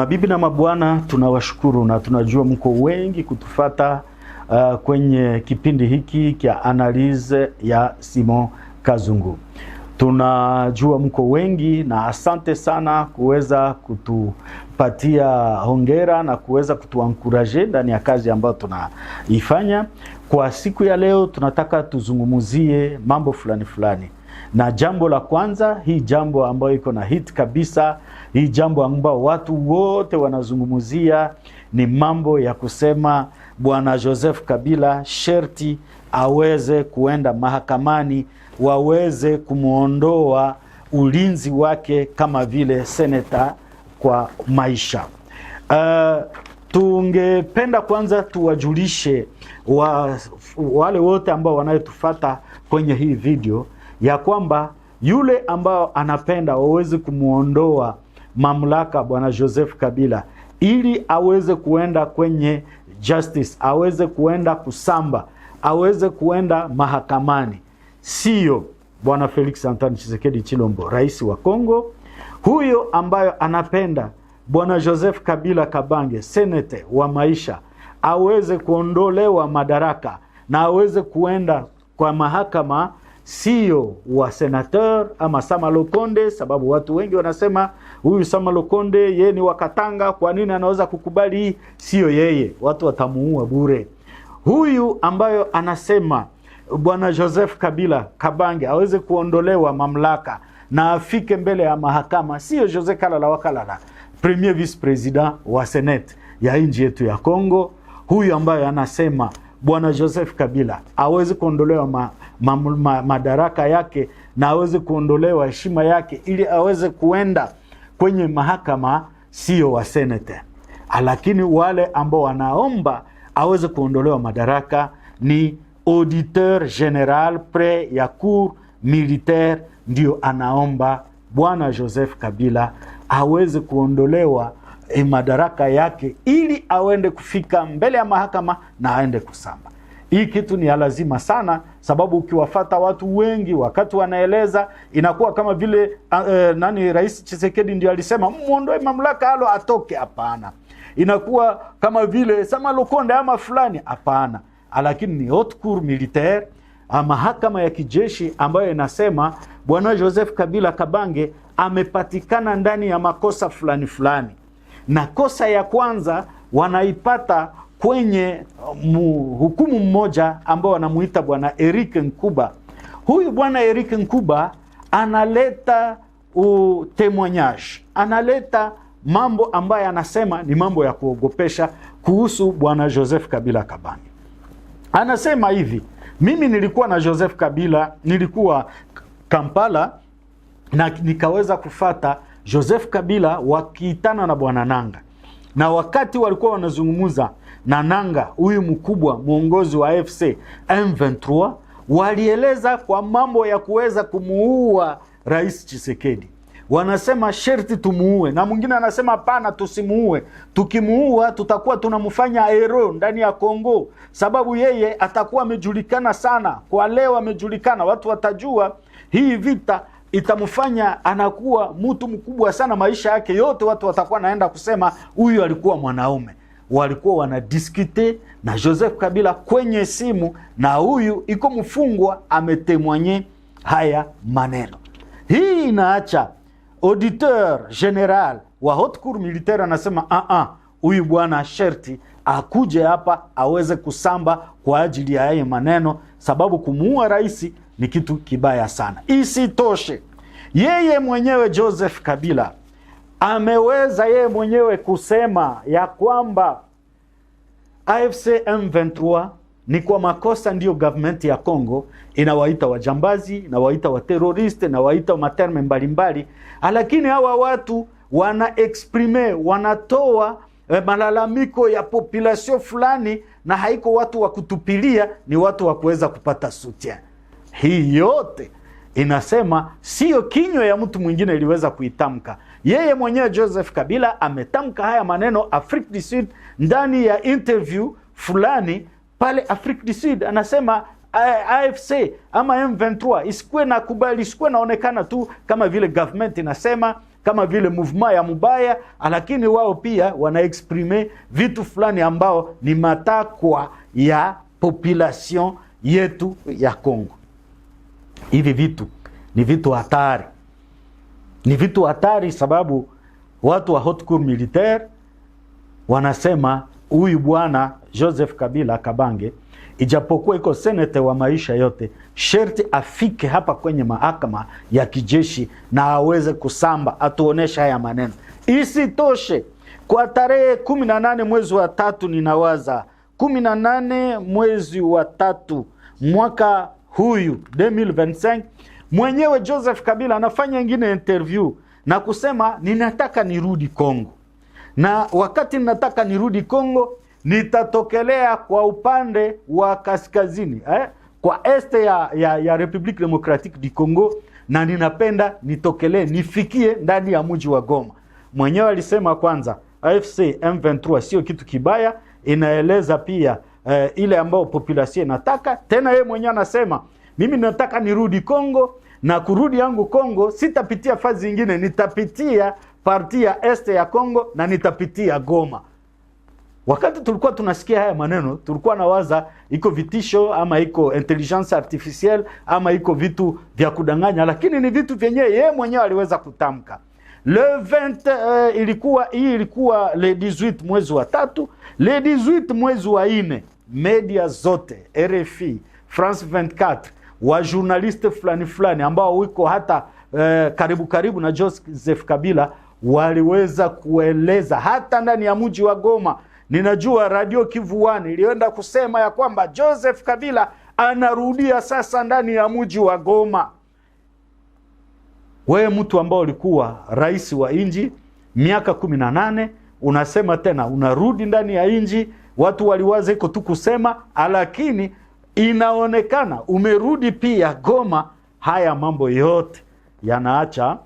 Mabibi na mabwana, tunawashukuru na tunajua mko wengi kutufata uh, kwenye kipindi hiki kya analize ya Simon Kazungu. Tunajua mko wengi na asante sana kuweza kutupatia hongera na kuweza kutuankuraje ndani ya kazi ambayo tunaifanya. Kwa siku ya leo tunataka tuzungumuzie mambo fulani fulani. Na jambo la kwanza, hii jambo ambayo iko na hit kabisa, hii jambo ambayo watu wote wanazungumzia ni mambo ya kusema Bwana Joseph Kabila sherti aweze kuenda mahakamani, waweze kumwondoa ulinzi wake kama vile seneta kwa maisha. Uh, tungependa kwanza tuwajulishe wa, wale wote ambao wanayetufata kwenye hii video ya kwamba yule ambao anapenda wawezi kumwondoa mamlaka Bwana Joseph Kabila ili aweze kuenda kwenye justice, aweze kuenda kusamba, aweze kuenda mahakamani. Siyo Bwana Felix Antoine Tshisekedi Chilombo, rais wa Kongo, huyo ambayo anapenda Bwana Joseph Kabila Kabange, senete wa maisha, aweze kuondolewa madaraka na aweze kuenda kwa mahakama sio wa senateur ama Sama Lukonde, sababu watu wengi wanasema huyu Sama Lukonde ye ni wakatanga, kwa nini anaweza kukubali? Sio yeye, watu watamuua bure. Huyu ambayo anasema bwana Joseph Kabila Kabange aweze kuondolewa mamlaka na afike mbele ya mahakama, sio Jose Kalala Wakalala, premier vice president wa senate ya nchi yetu ya Kongo, huyu ambayo anasema Bwana Joseph Kabila aweze kuondolewa ma, ma, ma, madaraka yake na aweze kuondolewa heshima yake ili aweze kuenda kwenye mahakama, sio wa senate. Lakini wale ambao wanaomba aweze kuondolewa madaraka ni auditeur general pre ya cour militaire, ndio anaomba Bwana Joseph Kabila aweze kuondolewa e, madaraka yake ili aende kufika mbele ya mahakama na aende kusamba. Hii kitu ni ya lazima sana, sababu ukiwafata watu wengi wakati wanaeleza inakuwa kama vile e, nani, Rais Chisekedi ndio alisema muondoe mamlaka alo atoke. Hapana, inakuwa kama vile sama Lokonde ama fulani. Hapana, lakini ni haute cour militaire, mahakama ya kijeshi ambayo inasema bwana Joseph Kabila Kabange amepatikana ndani ya makosa fulani fulani na kosa ya kwanza wanaipata kwenye uh, hukumu mmoja ambao wanamuita bwana Eric Nkuba. Huyu bwana Eric Nkuba analeta utemwanyage, analeta mambo ambayo anasema ni mambo ya kuogopesha kuhusu bwana Joseph Kabila Kabani. Anasema hivi, mimi nilikuwa na Joseph Kabila, nilikuwa Kampala na nikaweza kufata Joseph Kabila wakiitana na bwana Nanga, na wakati walikuwa wanazungumza na Nanga, huyu mkubwa mwongozi wa AFC M23, walieleza kwa mambo ya kuweza kumuua Rais Chisekedi wanasema sherti tumuue, na mwingine anasema hapana, tusimuue. Tukimuua tutakuwa tunamfanya hero ndani ya Kongo, sababu yeye atakuwa amejulikana sana. Kwa leo amejulikana, watu watajua hii vita itamfanya anakuwa mtu mkubwa sana. Maisha yake yote watu watakuwa naenda kusema huyu alikuwa mwanaume. Walikuwa wanadiskute na Joseph Kabila kwenye simu, na huyu iko mfungwa ametemwanye haya maneno. Hii inaacha auditeur general wa haute cour militaire anasema a ah, a, ah, huyu bwana sherti akuje hapa aweze kusamba kwa ajili ya haya maneno, sababu kumuua rais ni kitu kibaya sana. Isitoshe, yeye mwenyewe Joseph Kabila ameweza yeye mwenyewe kusema ya kwamba AFC M23 ni kwa makosa ndiyo government ya Congo inawaita wajambazi, inawaita wateroriste, inawaita materme mbalimbali, lakini hawa watu wana exprime wanatoa eh, malalamiko ya population fulani, na haiko watu wa kutupilia, ni watu wa kuweza kupata soutien. Hii yote inasema siyo kinywa ya mtu mwingine iliweza kuitamka, yeye mwenyewe Joseph Kabila ametamka haya maneno Afrique du Sud ndani ya interview fulani pale Afrique du Sud. Anasema eh, AFC ama M23 isikuwe na kubali, isikuwe naonekana tu kama vile government inasema kama vile movement ya mubaya, lakini wao pia wanaexprime vitu fulani ambao ni matakwa ya population yetu ya Kongo. Hivi vitu ni vitu hatari, ni vitu hatari sababu watu wa haute cour militaire wanasema huyu bwana Joseph Kabila Kabange, ijapokuwa iko senete wa maisha yote, sherti afike hapa kwenye mahakama ya kijeshi na aweze kusamba atuonesha haya maneno. Isitoshe, kwa tarehe kumi na nane mwezi wa tatu, ninawaza kumi na nane mwezi wa tatu mwaka huyu 2025 mwenyewe Joseph Kabila anafanya ingine interview na kusema ninataka nirudi Kongo, na wakati ninataka nirudi Kongo nitatokelea kwa upande wa kaskazini eh, kwa este ya, ya, ya Republique Democratique du Congo, na ninapenda nitokelee nifikie ndani ya mji wa Goma. Mwenyewe alisema kwanza AFC M23 sio kitu kibaya, inaeleza pia eh, ile ambayo population inataka. Tena yeye mwenyewe anasema mimi nataka nirudi Kongo, na kurudi yangu Kongo sitapitia fazi nyingine, nitapitia parti ya este ya Kongo na nitapitia Goma. Wakati tulikuwa tunasikia haya maneno, tulikuwa nawaza iko vitisho ama iko intelligence artificielle ama iko vitu vya kudanganya, lakini ni vitu vyenyewe yeye mwenyewe aliweza kutamka le 20, uh, ilikuwa hii ilikuwa le 18 mwezi wa tatu, le 18 mwezi wa nne media zote RFI, France 24 wa journaliste fulani fulani ambao wiko hata uh, karibu karibu na Joseph Kabila waliweza kueleza hata ndani ya mji wa Goma. Ninajua radio Kivuani ilienda kusema ya kwamba Joseph Kabila anarudia sasa ndani ya mji wa Goma. Wewe mtu ambao ulikuwa rais wa inji miaka kumi na nane unasema tena unarudi ndani ya inji. Watu waliwaza iko tu kusema, lakini inaonekana umerudi pia Goma. Haya mambo yote yanaacha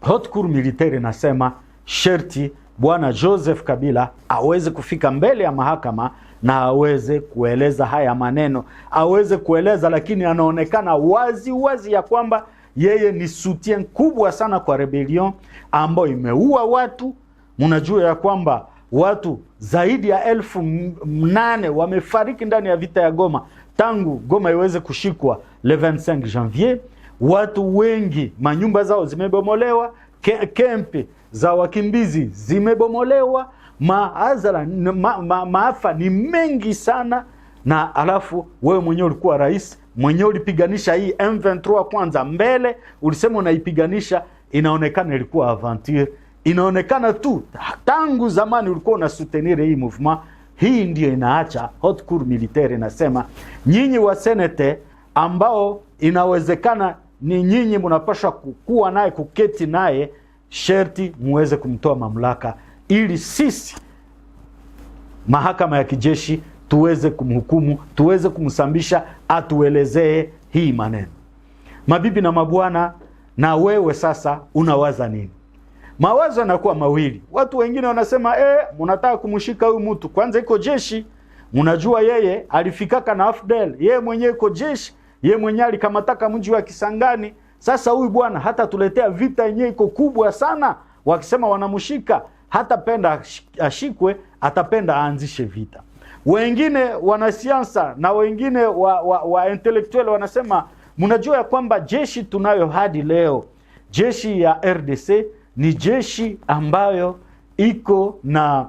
haute cour militaire nasema sherti Bwana Joseph Kabila aweze kufika mbele ya mahakama na aweze kueleza haya maneno, aweze kueleza, lakini anaonekana wazi wazi ya kwamba yeye ni soutien kubwa sana kwa rebelion ambayo imeua watu. Mnajua ya kwamba watu zaidi ya elfu mnane wamefariki ndani ya vita ya Goma tangu Goma iweze kushikwa le 25 janvier. Watu wengi manyumba zao zimebomolewa, ke, kempi za wakimbizi zimebomolewa. Maazara, ma, ma, maafa ni mengi sana na alafu wewe mwenyewe ulikuwa rais mwenyewe, ulipiganisha hii M23 kwanza mbele, ulisema unaipiganisha. Inaonekana ilikuwa aventure, inaonekana tu tangu zamani ulikuwa una soutenir hii movement. Hii ndio inaacha haute cour militaire inasema nyinyi wasenete ambao inawezekana ni nyinyi mnapasha kukuwa naye kuketi naye, sherti muweze kumtoa mamlaka, ili sisi mahakama ya kijeshi tuweze kumhukumu, tuweze kumsambisha, atuelezee hii maneno. Mabibi na mabwana, na wewe sasa unawaza nini? Mawazo yanakuwa mawili. Watu wengine wanasema e, mnataka kumshika huyu mtu, kwanza iko jeshi. Mnajua yeye alifikaka na Afdel, yeye mwenyewe iko jeshi, yeye mwenyewe alikamataka mji wa Kisangani. Sasa huyu bwana hata tuletea vita yenyewe iko kubwa sana, wakisema wanamshika, hatapenda ashikwe, atapenda aanzishe vita. Wengine wanasiasa na wengine wa, wa, wa intellectual wanasema mnajua ya kwamba jeshi tunayo hadi leo, jeshi ya RDC ni jeshi ambayo iko na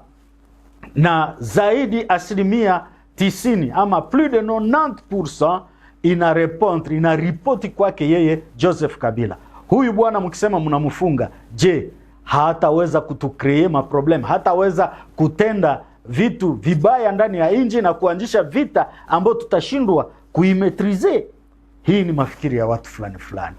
na zaidi asilimia tisini ama plus de 90% ina repondre ina ripoti kwake yeye Joseph Kabila. Huyu bwana mkisema mnamfunga, je, hataweza kutukree maproblem? Hataweza kutenda vitu vibaya ndani ya nchi na kuanzisha vita ambayo tutashindwa kuimetrize. Hii ni mafikiri ya watu fulani fulani.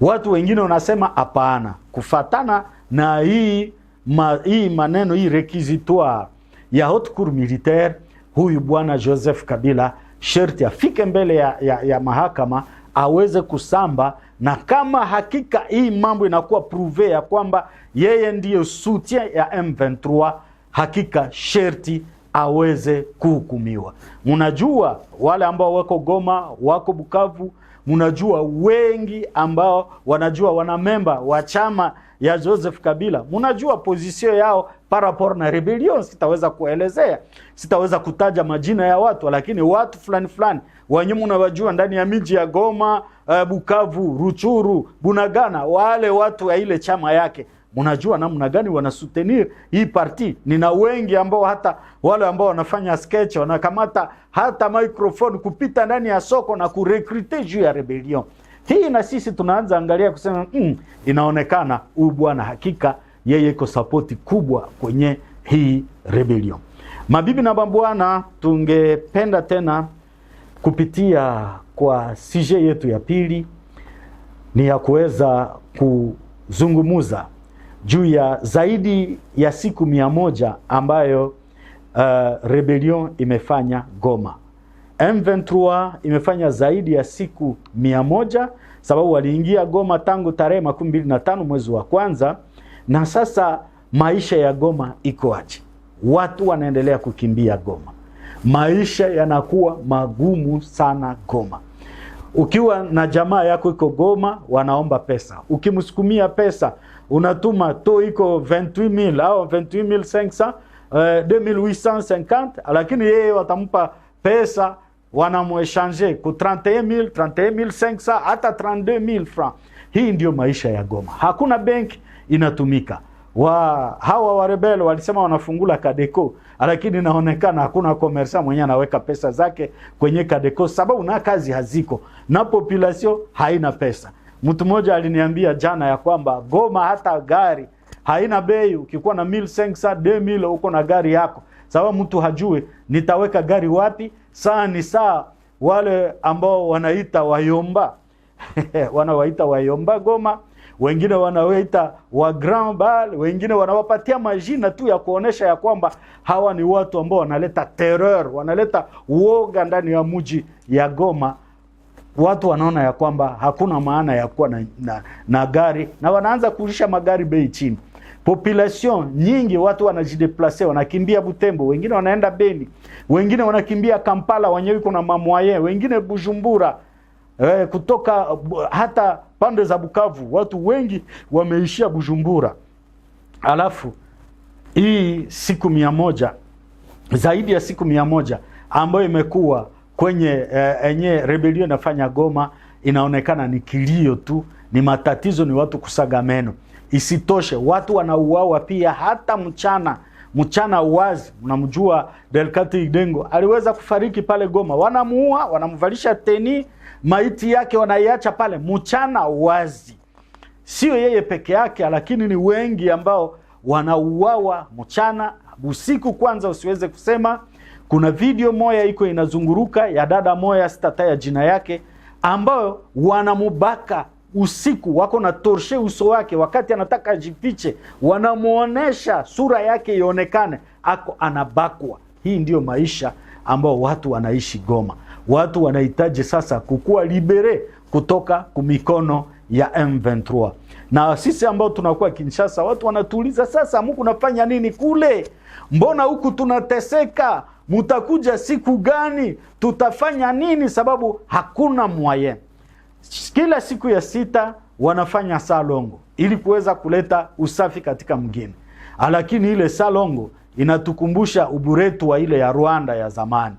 Watu wengine wanasema hapana, kufatana na hii ma, hii maneno hii requisitoire ya haute cour militaire, huyu bwana Joseph Kabila sherti afike mbele ya, ya, ya mahakama aweze kusamba, na kama hakika hii mambo inakuwa prouve ya kwamba yeye ndiyo soutien ya M23 hakika sherti aweze kuhukumiwa. Mnajua wale ambao wako Goma, wako Bukavu, mnajua wengi ambao wanajua wana memba wa chama ya Joseph Kabila, mnajua pozisio yao parapor na rebellion. Sitaweza kuelezea, sitaweza kutaja majina ya watu, lakini watu fulani fulani wanyumu unawajua ndani ya miji ya Goma, eh, Bukavu, Ruchuru, Bunagana, wale watu wa ile chama yake Mnajua namna gani wanasutenir hii parti. Nina wengi ambao hata wale ambao wanafanya sketch wanakamata hata microphone kupita ndani ya soko na kurekrute juu ya rebellion hii, na sisi tunaanza angalia kusema mm, inaonekana huyu bwana hakika yeye iko sapoti kubwa kwenye hii rebellion. Mabibi na mabwana, tungependa tena kupitia kwa sije yetu ya pili ni ya kuweza kuzungumuza juu ya zaidi ya siku mia moja ambayo uh, rebellion imefanya Goma. M23 imefanya zaidi ya siku mia moja sababu waliingia Goma tangu tarehe makumi mbili na tano mwezi wa kwanza, na sasa maisha ya Goma iko aje? Watu wanaendelea kukimbia Goma, maisha yanakuwa magumu sana Goma. Ukiwa na jamaa yako iko Goma, wanaomba pesa, ukimsukumia pesa unatuma to iko 28000 au 28500 eh, 2850, lakini yeye watampa pesa wanamwechange ku 31000 31500 hata 32000 francs. Hii ndio maisha ya Goma, hakuna benki inatumika wa hawa warebel walisema wanafungula Kadeko, lakini inaonekana hakuna commerce mwenye anaweka pesa zake kwenye Kadeko sababu na kazi haziko na population haina pesa. Mtu mmoja aliniambia jana ya kwamba Goma hata gari haina bei. Ukikuwa na mil sensa de mil uko na gari yako, sababu mtu hajui nitaweka gari wapi. Saa ni saa wale ambao wanaita wayomba wanawaita wayomba Goma, wengine wanawaita wa grand bal, wengine wanawapatia majina tu ya kuonesha ya kwamba hawa ni watu ambao wanaleta terror, wanaleta uoga ndani ya mji ya Goma watu wanaona ya kwamba hakuna maana ya kuwa na, na, na gari na wanaanza kuisha magari bei chini. Population nyingi watu wanajideplace wanakimbia Butembo, wengine wanaenda Beni, wengine wanakimbia Kampala wenyewe iko na mamwaye, wengine Bujumbura eh, kutoka hata pande za Bukavu watu wengi wameishia Bujumbura. Alafu hii siku mia moja zaidi ya siku mia moja ambayo imekuwa kwenye eh, enye rebelio inafanya Goma, inaonekana ni kilio tu, ni matatizo, ni watu kusaga meno. Isitoshe watu wanauawa pia hata mchana mchana uwazi Unamjua Delcati Idengo aliweza kufariki pale Goma, wanamuua, wanamvalisha teni, maiti yake wanaiacha pale mchana uwazi Sio yeye peke yake, lakini ni wengi ambao wanauawa mchana, usiku kwanza usiweze kusema kuna video moya iko inazunguruka ya dada moya, sitataya jina yake, ambayo wanamubaka usiku, wako na torshe uso wake, wakati anataka ajifiche, wanamuonesha sura yake ionekane, ako anabakwa. Hii ndiyo maisha ambao watu wanaishi Goma. Watu wanahitaji sasa kukuwa libere kutoka kumikono ya M23 na sisi ambao tunakuwa Kinshasa, watu wanatuuliza sasa, muku nafanya nini kule? Mbona huku tunateseka? Mutakuja siku gani? Tutafanya nini? Sababu hakuna mwaye. Kila siku ya sita wanafanya salongo ili kuweza kuleta usafi katika mgini, lakini ile salongo inatukumbusha uburetu wa ile ya Rwanda ya zamani,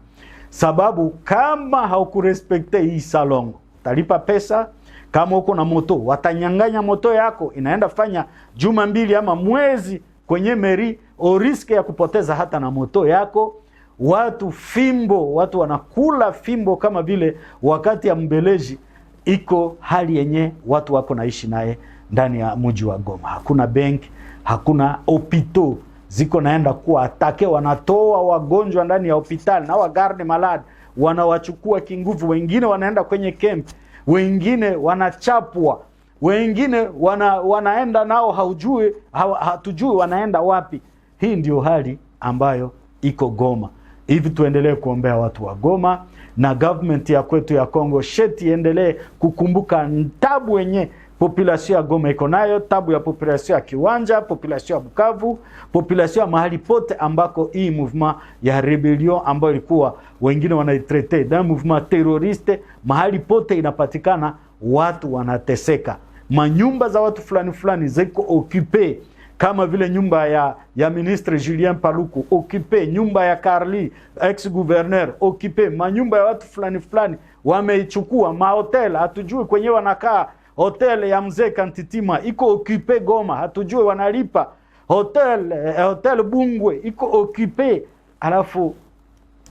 sababu kama haukurespekte hii salongo utalipa pesa kama uko na moto, watanyang'anya moto yako, inaenda fanya juma mbili ama mwezi kwenye meri, o riske ya kupoteza hata na moto yako. Watu fimbo, watu wanakula fimbo kama vile wakati ya mbeleji iko hali yenye watu wako naishi naye ndani ya mji wa Goma. Hakuna benki, hakuna opito ziko naenda kuwa atake, wanatoa wagonjwa ndani ya hospitali na wagarde malad wanawachukua kinguvu, wengine wanaenda kwenye kempi wengine wanachapwa, wengine wana, wanaenda nao haujui, hatujui wanaenda wapi. Hii ndio hali ambayo iko Goma hivi. Tuendelee kuombea watu wa Goma na government ya kwetu ya Kongo, sheti iendelee kukumbuka ntabu wenye population ya Goma iko nayo tabu ya population ya Kiwanja, population ya Bukavu, population ya mahali pote ambako hii movement ya rebellion ambayo ilikuwa wengine wanaitrete da movement teroriste, mahali pote inapatikana, watu wanateseka, manyumba za watu fulani fulani ziko occupé kama vile nyumba ya, ya ministre Julien Paluku occupé, nyumba ya Carly ex gouverneur occupé, manyumba ya watu fulani fulani wameichukua, mahotel hatujui kwenye wanakaa hotel ya mzee Kantitima iko okipe Goma, hatujue wanalipa hotel. Eh, hotel Bungwe iko okipe. Alafu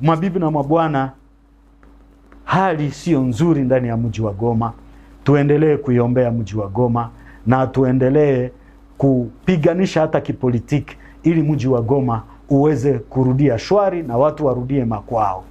mabibi na mabwana, hali sio nzuri ndani ya mji wa Goma. Tuendelee kuiombea mji wa Goma na tuendelee kupiganisha hata kipolitiki, ili mji wa Goma uweze kurudia shwari na watu warudie makwao.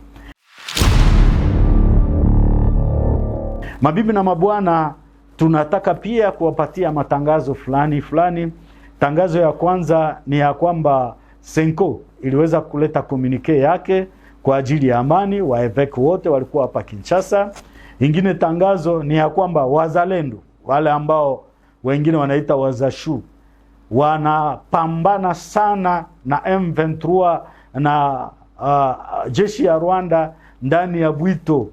Mabibi na mabwana tunataka pia kuwapatia matangazo fulani fulani. Tangazo ya kwanza ni ya kwamba Senko iliweza kuleta komunike yake kwa ajili ya amani, waeveki wote walikuwa hapa Kinshasa. Ingine tangazo ni ya kwamba wazalendo wale ambao wengine wanaita wazashu wanapambana sana na M23 na uh, jeshi ya Rwanda ndani ya Bwito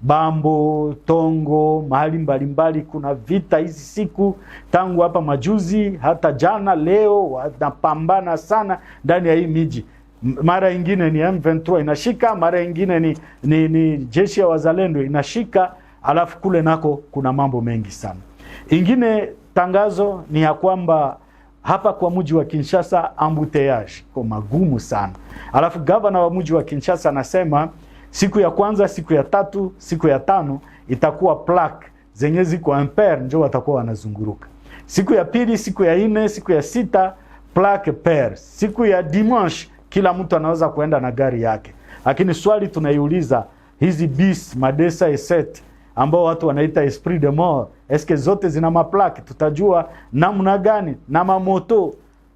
Bambo, Tongo, mahali mbalimbali kuna vita hizi siku tangu hapa majuzi hata jana leo, wanapambana sana ndani ya hii miji. Mara ingine ni M23 inashika, mara ingine ni, ni, ni jeshi ya wazalendo inashika, alafu kule nako kuna mambo mengi sana. Ingine tangazo ni ya kwamba hapa kwa mji wa Kinshasa ambuteyage kwa magumu sana, alafu gavana wa mji wa Kinshasa anasema Siku ya kwanza, siku ya tatu, siku ya tano itakuwa plaque zenye ziko ampere ndio watakuwa wanazunguruka. Siku ya pili, siku ya nne, siku ya sita plaque per. Siku ya dimanche kila mtu anaweza kuenda na gari yake. Lakini swali tunaiuliza hizi bis madesa eset ambao watu wanaita esprit de mort, eske zote zina maplaki? Tutajua namna gani na mamoto,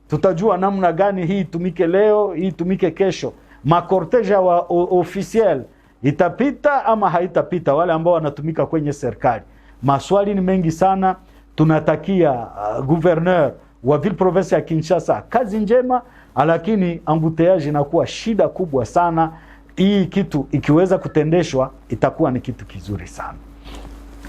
tutajua namna gani hii itumike leo, hii itumike kesho makorteja wa ofisiel itapita ama haitapita, wale ambao wanatumika kwenye serikali. Maswali ni mengi sana. Tunatakia uh, gouverneur wa ville province ya Kinshasa kazi njema, lakini ambuteage inakuwa shida kubwa sana. Hii kitu ikiweza kutendeshwa itakuwa ni kitu kizuri sana.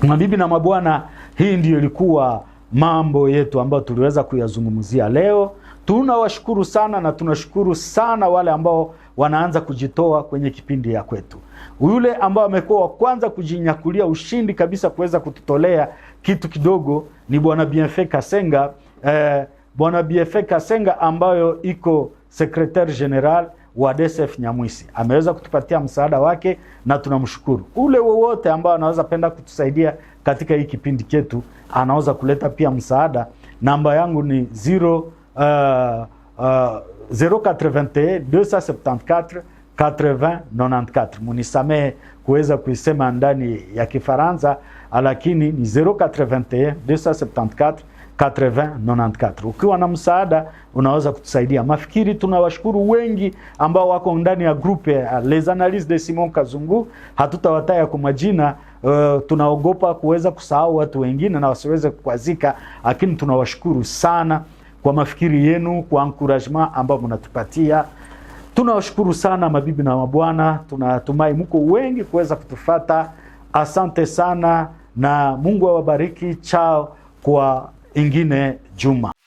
Mabibi na mabwana, hii ndiyo ilikuwa mambo yetu ambayo tuliweza kuyazungumzia leo. Tunawashukuru sana na tunashukuru sana wale ambao wanaanza kujitoa kwenye kipindi ya kwetu. Yule ambao amekuwa wa kwanza kujinyakulia ushindi kabisa kuweza kututolea kitu kidogo ni bwana Bienfait Kasenga eh, bwana Bienfait Kasenga ambayo iko secretaire general wa DSF Nyamwisi ameweza kutupatia msaada wake na tunamshukuru. Ule wowote ambao anaweza penda kutusaidia katika hii kipindi chetu anaweza kuleta pia msaada. Namba yangu ni zero, uh, uh, 081 274 80 94. Munisamehe kuweza kuisema ndani ya Kifaransa, lakini ni 081 274 80 94. Ukiwa na msaada unaweza kutusaidia. Mafikiri tunawashukuru wengi ambao wako ndani ya grupe Les Analyses de Simon Kazungu, hatutawataya kwa majina. Uh, tunaogopa kuweza kusahau watu wengine na wasiweze kukwazika, lakini tunawashukuru sana kwa mafikiri yenu, kwa encouragement ambao mnatupatia. Tunawashukuru sana mabibi na mabwana, tunatumai mko wengi kuweza kutufata. Asante sana na Mungu awabariki. Chao kwa ingine juma.